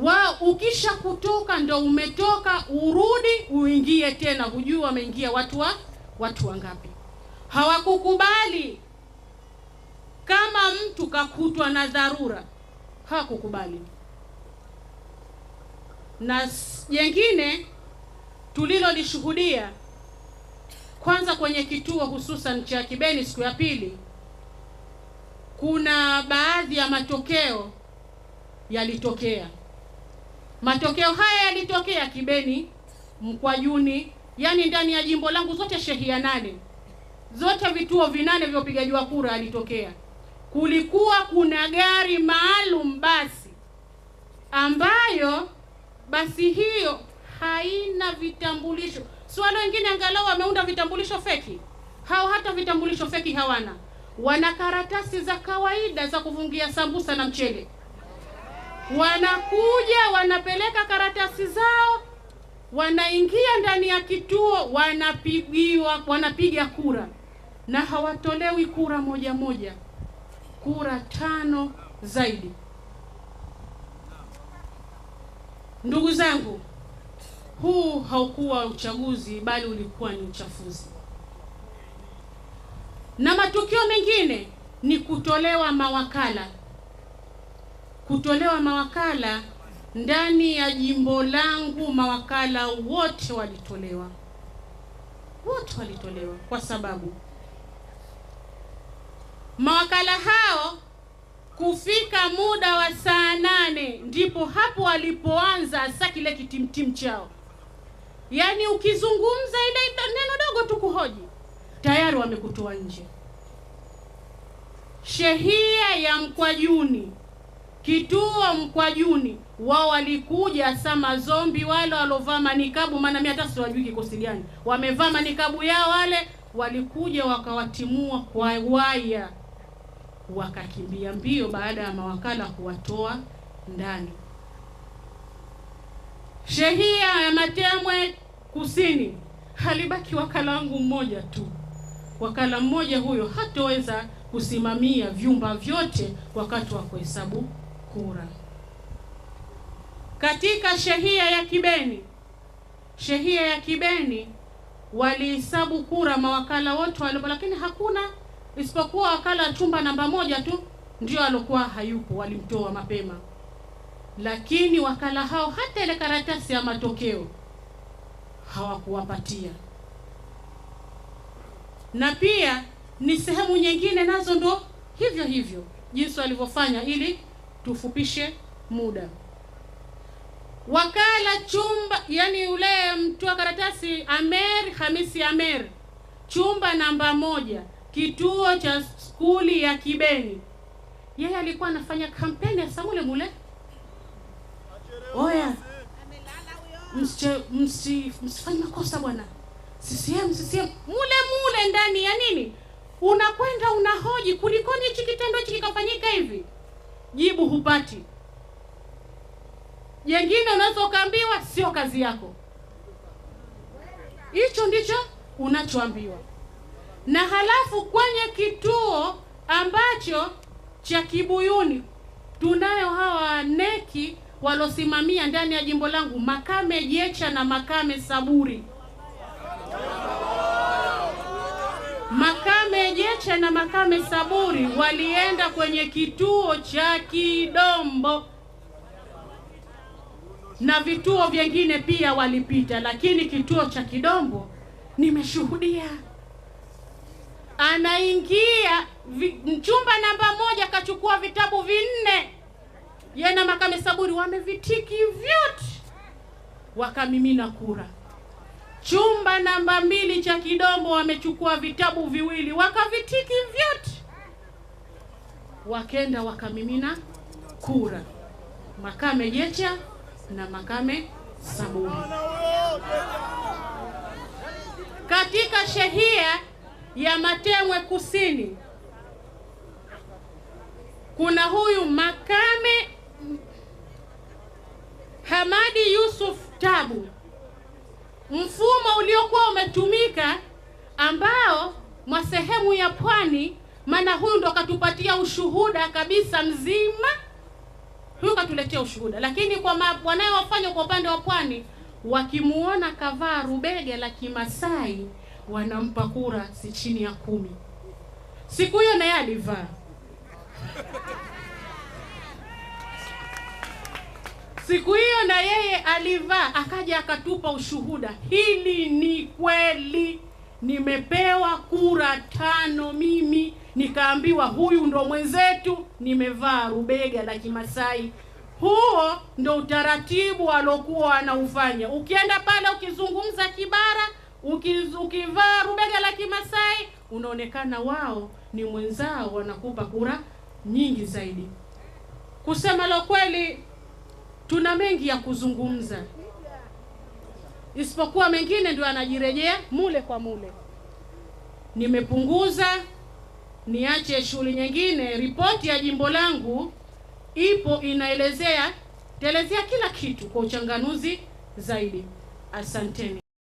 wa ukisha kutoka ndo umetoka, urudi uingie tena. Hujui wameingia watu wa watu wangapi? Hawakukubali. Kama mtu kakutwa na dharura, hawakukubali. Na jengine tulilolishuhudia kwanza kwenye kituo hususan cha Kibeni siku ya pili, kuna baadhi ya matokeo yalitokea Matokeo haya yalitokea Kibeni, Mkwajuni, yani ndani ya jimbo langu zote shehia nane, zote vituo vinane vya upigaji wa kura yalitokea. Kulikuwa kuna gari maalum basi, ambayo basi hiyo haina vitambulisho. Si wale wengine angalau wameunda vitambulisho feki, hao hata vitambulisho feki hawana, wana karatasi za kawaida za kufungia sambusa na mchele wanakuja wanapeleka karatasi zao, wanaingia ndani ya kituo, wanapigiwa, wanapiga kura na hawatolewi kura moja moja, kura tano zaidi. Ndugu zangu, huu haukuwa uchaguzi, bali ulikuwa ni uchafuzi. Na matukio mengine ni kutolewa mawakala kutolewa mawakala ndani ya jimbo langu, mawakala wote walitolewa, wote walitolewa kwa sababu mawakala hao kufika muda wa saa nane ndipo hapo walipoanza hasa kile kitimtimu chao. Yaani ukizungumza ile neno dogo tu kuhoji, tayari wamekutoa nje. Shehia ya Mkwajuni Kituo Mkwajuni wao walikuja sama zombi wale walovaa manikabu, maana mimi hata siwajui kikosi gani, wamevaa manikabu yao wale, walikuja wakawatimua kwa waya, wakakimbia mbio baada ya mawakala kuwatoa ndani. Shehia ya Matemwe Kusini halibaki wakala wangu mmoja tu. Wakala mmoja huyo hataweza kusimamia vyumba vyote wakati wa kuhesabu kura. Katika shehia ya Kibeni, shehia ya Kibeni walihesabu kura mawakala wote waliopo, lakini hakuna isipokuwa wakala chumba namba moja tu ndio alokuwa hayupo, walimtoa mapema. Lakini wakala hao hata ile karatasi ya matokeo hawakuwapatia. Na pia ni sehemu nyingine nazo ndo hivyo hivyo jinsi walivyofanya ili tufupishe muda. Wakala chumba, yani yule mtu wa karatasi Amer Hamisi Amer, chumba namba moja, kituo cha skuli ya Kibeni, yeye alikuwa anafanya kampeni ya Samuel Mule. Oya, msifanye makosa bwana. CCM CCM mule mule ndani ya nini unakwenda una Jengine unaweza ukaambiwa sio kazi yako, hicho ndicho unachoambiwa. Na halafu kwenye kituo ambacho cha Kibuyuni tunayo hawa neki walosimamia ndani ya jimbo langu Makame Jecha na Makame Saburi. Makame Jecha na Makame Saburi walienda kwenye kituo cha Kidombo na vituo vyengine pia walipita, lakini kituo cha Kidombo nimeshuhudia anaingia vi, mchumba namba moja kachukua vitabu vinne, yeye na Makame Saburi wamevitiki vyote, wakamimina kura. Chumba namba mbili cha Kidombo wamechukua vitabu viwili, wakavitiki vyote, wakenda wakamimina kura Makame Jecha na makame sabuni. Katika shehia ya Matemwe Kusini kuna huyu makame Hamadi Yusuf Tabu. Mfumo uliokuwa umetumika ambao mwa sehemu ya pwani, maana huyu ndo katupatia ushuhuda kabisa mzima katuletea ushuhuda. Lakini kwa wanayowafanya kwa upande wa pwani, wakimuona kavaa rubege la Kimasai wanampa kura si chini ya kumi. Siku hiyo naye alivaa siku hiyo na yeye alivaa, akaja akatupa ushuhuda, hili ni kweli nimepewa kura tano mimi, nikaambiwa huyu ndo mwenzetu, nimevaa rubega la Kimasai. Huo ndo utaratibu alokuwa anaufanya. Ukienda pale ukizungumza Kibara, ukivaa rubega la Kimasai, unaonekana wao ni mwenzao, wanakupa kura nyingi zaidi. Kusema la kweli, tuna mengi ya kuzungumza isipokuwa mengine ndio anajirejea mule kwa mule. Nimepunguza niache shughuli nyingine. Ripoti ya jimbo langu ipo inaelezea telezea kila kitu kwa uchanganuzi zaidi. Asanteni.